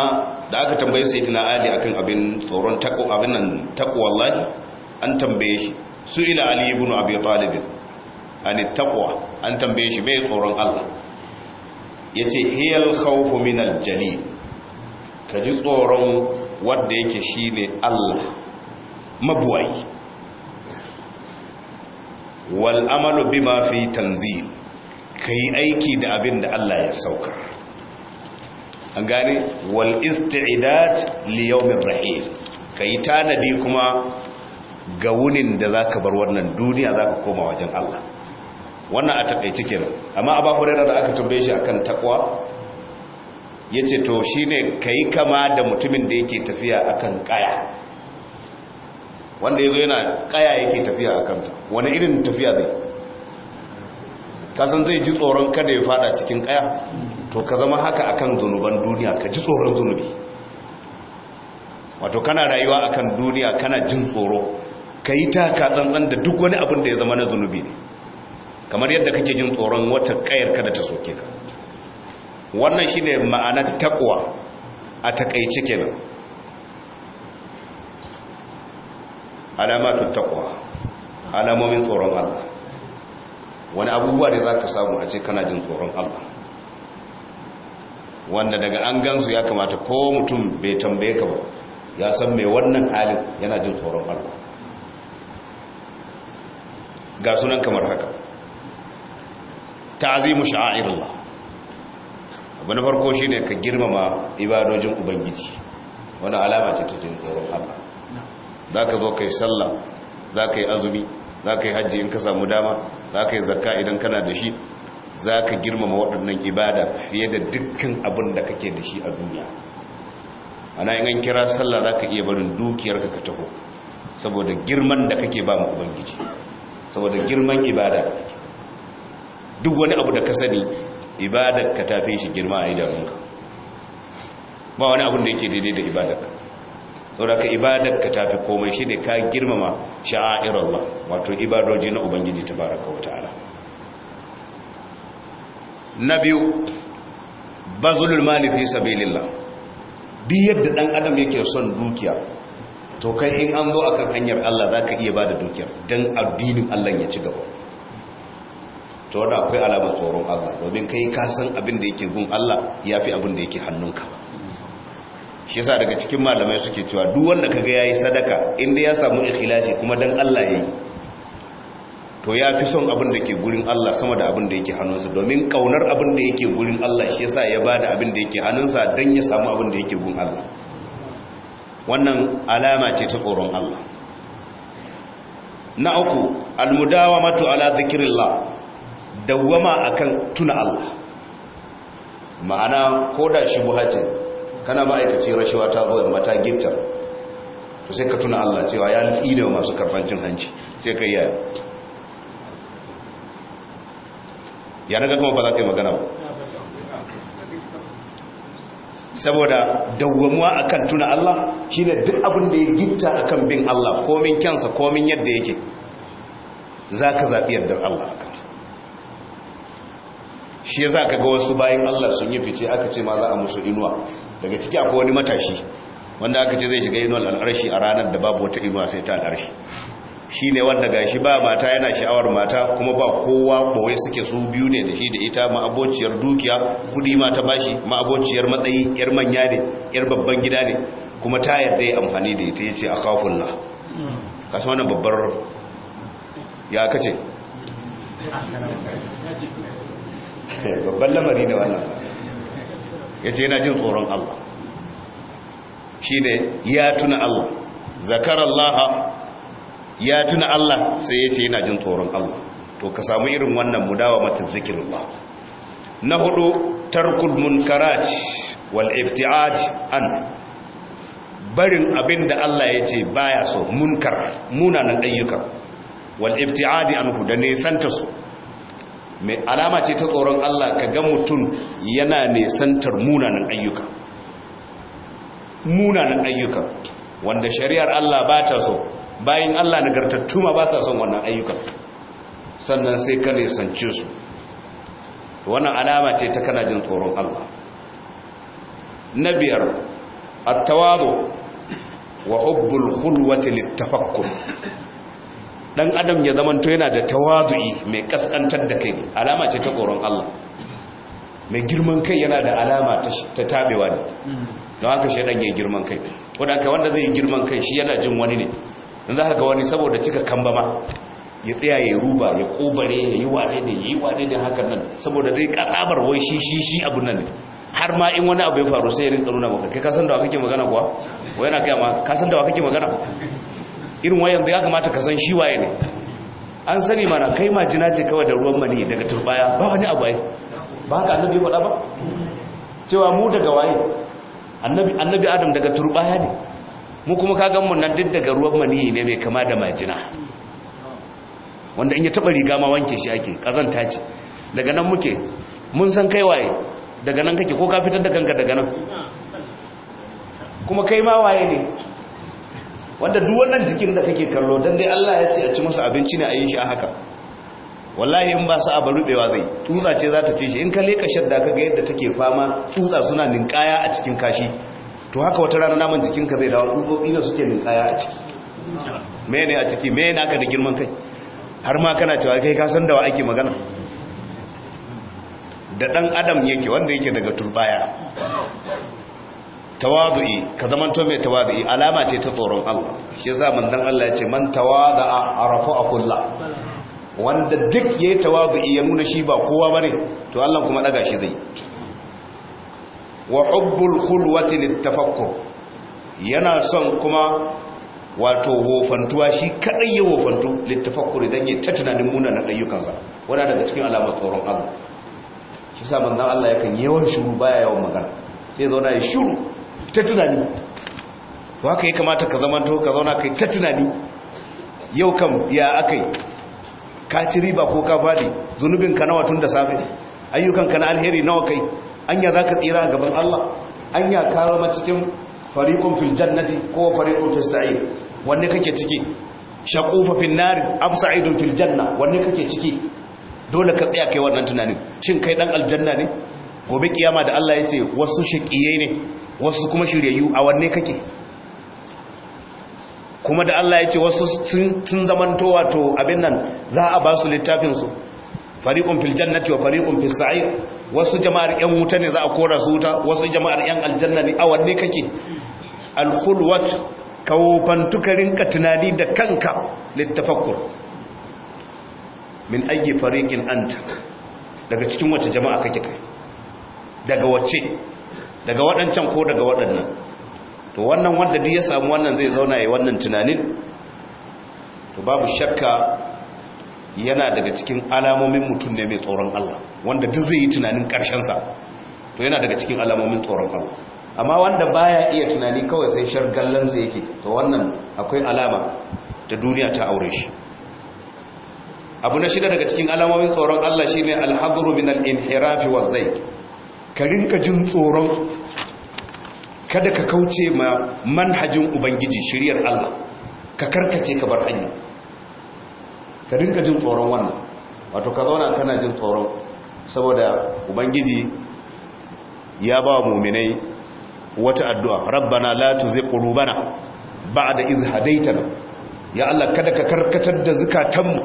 da aka tambaye sayyidina ali akan abin tsoron takwa abin nan wallahi an tambaye shi su ila ali ibn abi talib ani taqwa an tambaye shi mai tsoron Allah yace hiyal khawfu min al Kaji ka ji tsoron wanda yake shine Allah mabuwai wal amalu bima fi tanzil kai aiki da abin da Allah ya sauka an gane wal isti'dad li yawm ibrahim kai tanadi kuma ga wunin da zaka bar wannan duniya zaka koma wajen Allah wannan a takaice kenan amma abu hurairah da aka tambaye shi akan takwa Ya ce to shi ne ka yi kama da mutumin da yake tafiya akan kaya wanda ya zo yana kaya yake tafiya akan ta wani irin tafiya zai kasan zai ji tsoron kada ya fada cikin kaya to ka zama haka akan zunuban duniya ka ji tsoron zunubi wato kana rayuwa akan duniya kana jin tsoro ka yi taka tsantsan da duk wani abin da ya zama na zunubi kamar yadda kake jin tsoron wata kayar kada ta soke ka wannan shine ma'anar taqwa a takaice kenan alamatu taqwa alamomin tsoron Allah wani abubuwa da zaka samu a ce kana jin tsoron Allah wanda daga an gansu ya kamata ko mutum bai tambaye ka ba ya san mai wannan halin yana jin tsoron Allah ga sunan kamar haka ta'azimu sha'airullah abu na farko shine ka girmama ibadojin ubangiji wani alama ce ta jin tsoron haka zaka zo kai sallah zaka yi azumi zaka yi hajji in ka samu dama zaka yi zakka idan kana da shi zaka girmama waɗannan ibada fiye da dukkan abin da kake da shi a duniya ana yin kira sallah zaka iya barin dukiyarka ka taho saboda girman da kake ba mu ubangiji saboda girman ibada da kake duk wani abu da ka sani ibadar ka fi shi girma a idanunka ba wani abu da yake daidai da ibadar ka saboda ka ibadar ka fi komai shi ne ka girmama Allah wato ibadoji na ubangiji tabaraka wa ta'ala na biyu bazulul mali fi sabilillah bi yadda dan adam yake son dukiya to kai in an zo akan hanyar Allah zaka iya bada dukiyar dan addinin Allah ya ci gaba ta wadda akwai alama tsoron Allah domin kai ka san abin da yake gun Allah ya fi abin da yake hannunka shi yasa daga cikin malamai suke cewa duk wanda kaga yayi sadaka inda ya samu ikhlasi kuma dan Allah yayi to ya fi son abin da ke gurin Allah sama da abin da yake hannunsa domin kaunar abin da yake gurin Allah shi yasa ya bada abin da yake hannunsa dan ya samu abin da yake gun Allah wannan alama ce ta tsoron Allah na uku almudawamatu ala zikrillah dawwama akan tuna Allah ma'ana koda shubha ce kana ma'aikaci rashawa ta zo da mata gifta to sai ka tuna Allah cewa ya nufi da masu karban cin hanci sai ka yi. ya naga kuma ba za ka yi magana ba saboda dawwamuwa akan tuna Allah shine duk abin da ya gitta akan bin Allah komin kyansa komin yadda yake zaka zabi yardar Allah shi ya yasa ga wasu bayan Allah sun yi fice aka ce ma za a musu inuwa daga ciki akwai wani matashi wanda aka ce zai shiga inuwar al'arshi a ranar da babu wata inuwa sai ta al'arshi shi ne wanda gashi ba mata yana sha'awar mata kuma ba kowa boye suke su biyu ne da shi da ita ma'abociyar dukiya kudi ma ta bashi ma'abociyar matsayi yar manya ne yar babban gida ne kuma ta yadda ya amfani da ita ya ce a yace akhafullah kasu wannan babbar ya kace babban lamari ne wannan ya ce yana jin tsoron Allah shi ne ya tuna Allah zakarallaha ya tuna Allah sai ya ce yana jin tsoron Allah to ka samu irin wannan mudawa mata ba. na hudu tarkul munkarat wal ibtiad an barin abinda Allah ya ce baya so munkar munanan ayyuka wal ibtiad an hudane ta su mai alama ce ta tsoron Allah ka ga mutum yana nesantar munanan ayyuka munanan ayyuka wanda shari'ar Allah ba ta so bayan Allah nagartattu ma ba sa son wannan ayyuka sannan sai ka nesance su wannan alama ce ta kana jin tsoron Allah na biyar at-tawadu wa hubbul khulwati lit-tafakkur dan adam ya zamanto yana da tawadu'i mai kaskantar da kai alama ce ta koron Allah mai girman kai yana da alama ta tabewa ne don haka dan ya girman kai wadanda wanda zai girman kai shi yana jin wani ne dan zaka ga wani saboda cika kambama ma ya tsaya ya ruba ya kobare ya yi wane ne yi wane ne hakan nan saboda dai katsabar wai shi shi shi abu nan ne har ma in wani abu ya faru sai ya rinka nuna maka kai san da wa kake magana kuwa wai yana kai ma san da wa kake magana irin wa yanzu ya kamata ka san shi waye ne an sani mana kai majina ce kawai da ruwan mani daga turbaya ba wani abu ai ba haka annabi ya faɗa ba cewa mu daga waye annabi annabi adam daga turbaya ne mu kuma ka gan mu nan duk daga ruwan mani ne mai kama da majina wanda in ya taba riga ma wanke shi ake kazanta ce daga nan muke mun san kai waye daga nan kake ko ka fitar da kanka daga nan kuma kai ma waye ne wanda duk wannan jikin da kake kallo dan dai Allah ya ce a ci masa abinci ne a yi shi a haka wallahi in ba sa abu rubewa zai tsutsa ce za ta ce shi in ka leka shadda ka ga yadda take fama tsutsa suna ninkaya a cikin kashi to haka wata rana naman jikinka zai dawo tsutsotsi ne suke ninkaya a ciki mene a ciki mene aka da girman kai har ma kana cewa kai ka san da wa ake magana da dan adam yake wanda yake daga turbaya tawadu'i ka zamanto mai tawadu'i alama ce ta tsoron Allah shi yasa manzon Allah ya ce man tawada'a arafu akulla wanda duk yayi tawadu'i ya nuna shi ba kowa bane to Allah kuma daga shi zai wa hubbul khulwati littafakkur yana son kuma wato wofantuwa shi kadai ya wofantu littafakkur idan ya ta tunanin munanan ayyukansa wanda daga cikin alamar tsoron Allah shi sa manzon Allah yakan yawan shuru baya yawan magana sai zauna ya shuru ta tunani to haka ya kamata ka zamanto ka zauna kai ta tunani yau kam ya akai ka ci riba ko ka fadi zunubin ka nawa tun da safe ayyukan ka na alheri nawa kai anya zaka tsira gaban Allah anya ka zama cikin fariqun fil jannati ko fariqun fis sa'ir wanne kake ciki shaqufa fil nar am sa'idun fil janna wanne kake ciki dole ka tsaya kai wannan tunanin shin kai dan aljanna ne gobe kiyama da Allah ya ce wasu shaƙiye ne wasu kuma shiryayyu a wanne kake kuma da Allah ya ce wasu sun zamanto wato abin nan za a ba su littafinsu fariƙun filjan na wa fariƙun fil wasu jama'ar yan wuta ne za a kora su wuta wasu jama'ar yan aljanna ne a wanne kake alkhulwat fantukarin ka tunani da kanka littafakkur min fariƙin an anta daga cikin wace jama'a kake kai daga wacce daga waɗancan ko daga waɗannan to wannan wanda duk ya samu wannan zai zauna ya wannan tunanin to babu shakka yana daga cikin alamomin mutum ne mai tsoron Allah wanda duk zai yi tunanin ƙarshensa to yana daga cikin alamomin tsoron Allah amma wanda baya iya tunani kawai sai sa yake to wannan akwai alama ta duniya ta aure shi abu na shida daga cikin alamomin tsoron Allah shine al-hadru min al-inhirafi wa zayk ka rinka jin tsoron kada ka kauce ma manhajin ubangiji shiryar Allah ka karkace ka bar hanya ka rinka jin tsoron wannan wato ka zauna kana jin tsoron saboda ubangiji ya ba muminai wata addu'a rabbana la tuzigh qulubana ba'da iz hadaytana ya Allah kada ka karkatar da zakatanmu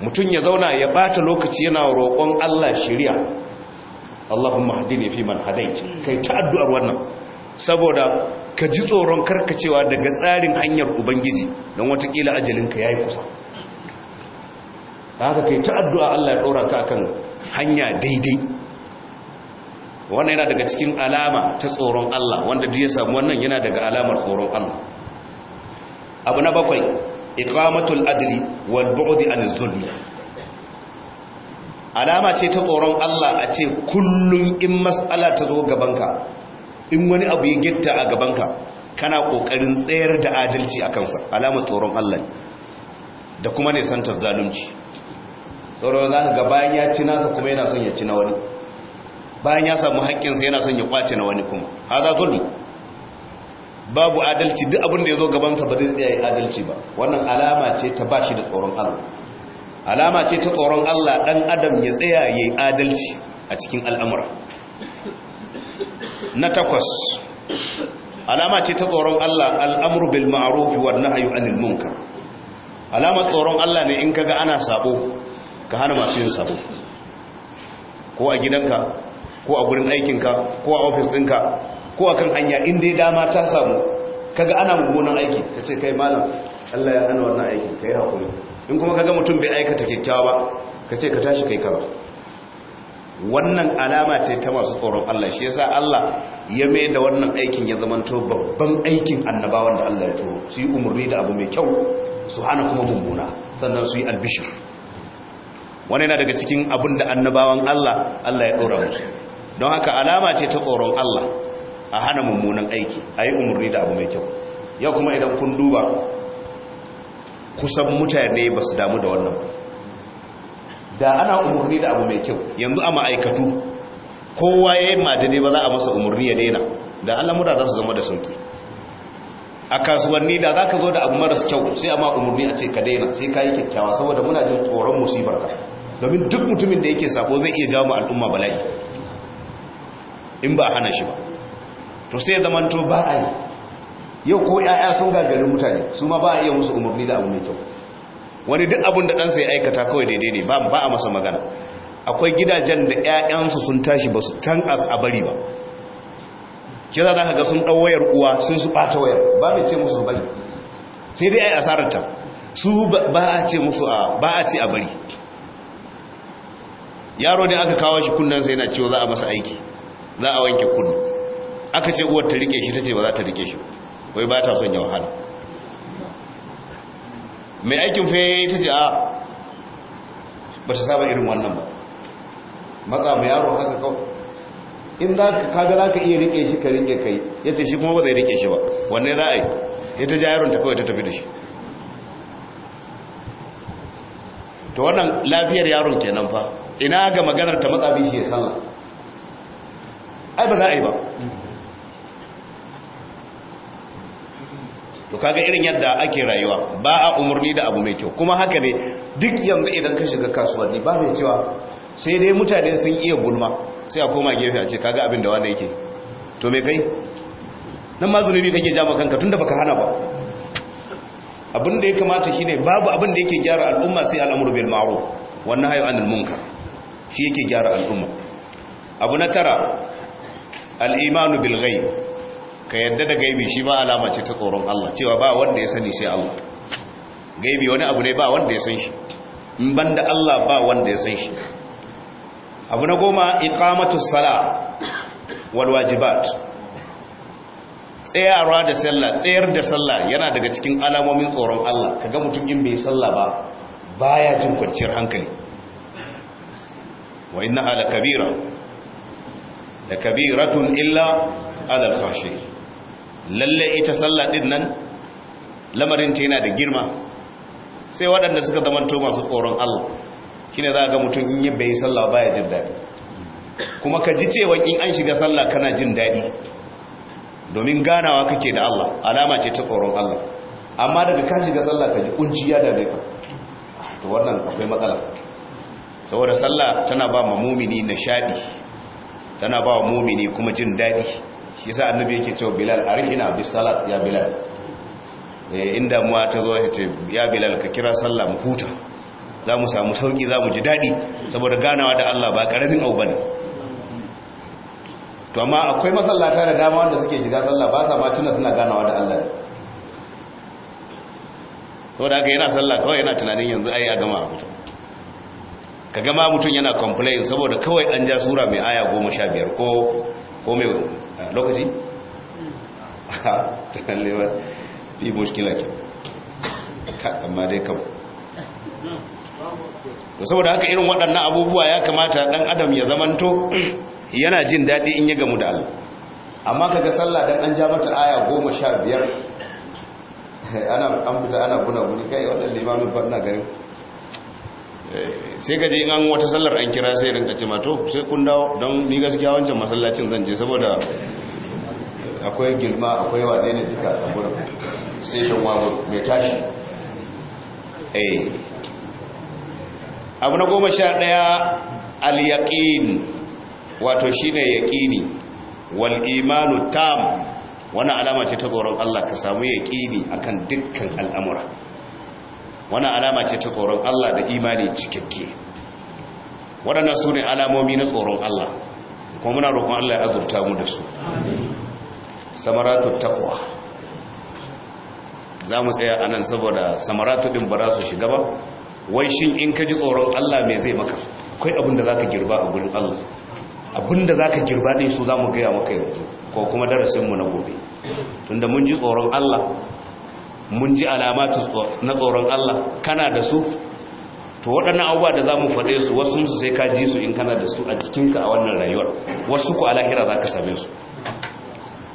mutum ya zauna ya bata lokaci yana roƙon Allah shiriya Allahumma ne fi man kai ta addu'ar wannan saboda ka ji tsoron karkacewa daga tsarin hanyar ubangiji don watakila ajalinka ya yi kusa haka kai ta addu'a Allah ya ɗora ta akan hanya daidai wannan yana daga cikin alama ta tsoron Allah wanda duk ya samu wannan yana daga alamar tsoron Allah abu na bakwai iqamatul adli wal bu'd anil zulmi alama ce ta tsoron Allah a ce kullum in matsala ta zo gabanka in wani abu ya gitta a gabanka kana kokarin tsayar da adalci a kansa alama tsoron Allah da kuma ne santar zalunci tsoron za ka gabayan bayan ya ci nasa kuma yana son ya ci na wani bayan ya samu haƙƙinsa yana son ya kwace na wani kuma haza zulmi babu adalci duk abin da ya zo gabansa ba zai tsaye adalci ba wannan alama ce ta bashi da tsoron Allah alama ce ta tsoron Allah dan adam ya tsaya yayi adalci a cikin al'amura na takwas alama ce ta tsoron Allah al'amru bil ma'ruf wan nahyu anil munkar alama tsoron Allah ne in kaga ana sabo ka hana masu yin sabo ko a gidanka ko a gurin aikinka ko a ofis ɗinka ko a kan hanya in dai dama ta samu kaga ana mummunan aiki ka ce kai malam Allah ya hana wannan aikin ka yi haƙuri in kuma ga mutum bai aikata kyakkyawa ba ka ce ka tashi kai kaza wannan alama ce ta masu tsoron Allah shi yasa Allah ya mai da wannan aikin ya zamanto babban aikin annabawan da Allah ya turo su yi umarni da abu mai kyau su hana kuma mummuna sannan su yi albishir wani yana daga cikin abin da annabawan Allah Allah ya ɗora musu don haka alama ce ta tsoron Allah a hana mummunan aiki a yi umarni da abu mai kyau yau kuma idan kun duba kusan mutane ba su damu da wannan da ana umarni da abu mai kyau yanzu a ma'aikatu kowa ya yi madade ba za a masa umarni ya daina da al'amura za su zama da sauki a kasuwanni da za ka zo da abu maras kyau sai a ma umarni a ce ka daina sai ka yi kyakkyawa saboda muna jin tsoron musibar ka domin duk mutumin da yake sako zai iya jawo al'umma bala'i in ba hana shi ba to sai zamanto ba a yi yau ko ya'ya sun gagarin mutane su ma ba a iya musu umarni da abu mai kyau wani duk abin da ɗansa ya aikata kawai daidai ne ba a masa magana akwai gidajen da 'ya'yansu sun tashi ba su tan a bari ba ke za ka ga sun ɗau wayar uwa sun su ɓata wayar ba mai ce musu bari sai dai asarar asararta su ba a ce musu a ba a ce a bari yaro ne aka kawo shi kunnen sai yana cewa za a masa aiki za a wanke kunnu aka ce uwar ta rike shi ta ce ba za ta rike shi ba wai ba ta son ya wahala mai aikin fayayi ta ji a ba ta saba irin wannan ba matsa mai yaro haka kawo in za ka kaga za ka iya rike shi ka rike kai ya ce shi kuma ba zai rike shi ba wanne za a yi ya ta ja yaron ta kawai ta tafi da shi to wannan lafiyar yaron kenan fa ina ga maganar ta matsa shi ya sallah ai ba za a yi ba to kaga irin yadda ake rayuwa ba a umarni da abu mai kyau kuma haka ne duk yanzu idan ka shiga kasuwanni ba mai cewa sai dai mutane sun iya gulma sai a koma gefe a ce kaga abin da wanda yake to me kai nan mazuri zunubi kake jama kanka tunda baka hana ba abin da ya kamata shine babu abin da yake gyara al'umma sai al'amru bil ma'ruf Wannan nahyu anil munkar shi yake gyara al'umma abu na tara al-imanu bil ghaib ka yadda da gaibi shi ma alama ce ta tsoron Allah cewa ba wanda ya sani sai Allah gaibi wani abu ne ba wanda ya san shi in banda Allah ba wanda ya san shi abu na goma iqamatu sala wal wajibat tsayarwa da sallah tsayar da sallah yana daga cikin alamomin tsoron Allah kaga mutum in bai sallah ba baya jin kwanciyar hankali wa innaha lakabira lakabiratun illa alal lalle ita sallah din nan lamarin ta yana da girma sai waɗanda suka to masu tsoron Allah shine za ga mutum in yi bai sallah baya jin daɗi kuma ka ji cewa in an shiga sallah kana jin daɗi domin ganawa kake da Allah alama ce ta tsoron Allah amma daga ka shiga sallah ka ji kunci ya dame ka ah, to wannan akwai matsala saboda sallah tana ba mu mumini nishadi tana ba mu mumini kuma jin daɗi shi sa annabi yake cewa bilal ari ina bi salat ya bilal eh, inda muwa ta zo ce ya bilal ka kira sallah mu huta za mu samu sauki za mu ji daɗi saboda ganawa da allah ba ƙaramin abu bane to amma akwai masallata da dama wanda suke shiga sallah ba sa ma tuna suna ganawa da allah to da haka yana sallah kawai yana tunanin yanzu ai a gama a mutum ka gama mutum yana complain saboda kawai an ja sura mai aya goma sha biyar ko mai lokaci ta hallewa fi mushkila ke amma dai kawo da saboda haka irin waɗannan abubuwa ya kamata ɗan adam ya zamanto yana jin daɗi in ya gamu da Allah amma kaga sallah don an ja mata aya goma sha biyar ana an fita ana guna guni kai waɗanda limamin ba na garin eh, sai gaji an wata sallar an kira sai rinka ce sai kun dawo don ni gaskiya wancan masallacin zan je saboda akwai girma akwai wane ne duka a gurin station wagon mai tashi eh. abu na goma sha ɗaya al yaqin wato shi ne yaƙini wal imanu tam wani alama ce ta tsoron Allah ka samu yaƙini akan dukkan al'amura wani alama ce ta tsoron Allah da imani cikakke waɗannan su ne alamomi na tsoron Allah kuma muna roƙon Allah ya azurta mu da su samaratun takwa za mu tsaya a nan saboda samaratun ɗin ba za su shiga ba wai shin in ka ji tsoron allah mai zai maka akwai abin da za ka girba a gurin allah abin da za ka girba ɗin su za mu gaya maka yanzu ko kuma darasinmu na gobe tunda mun ji tsoron allah mun ji alamatu na tsoron allah kana da su to waɗannan abubuwa da za mu faɗe su wasu sai ka ji su in kana da su a jikinka a wannan rayuwar wasu ku alahira za ka same su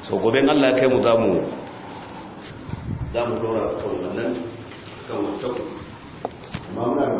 sau gobe Allah kai mu zamu zamu dora kan wannan kan wannan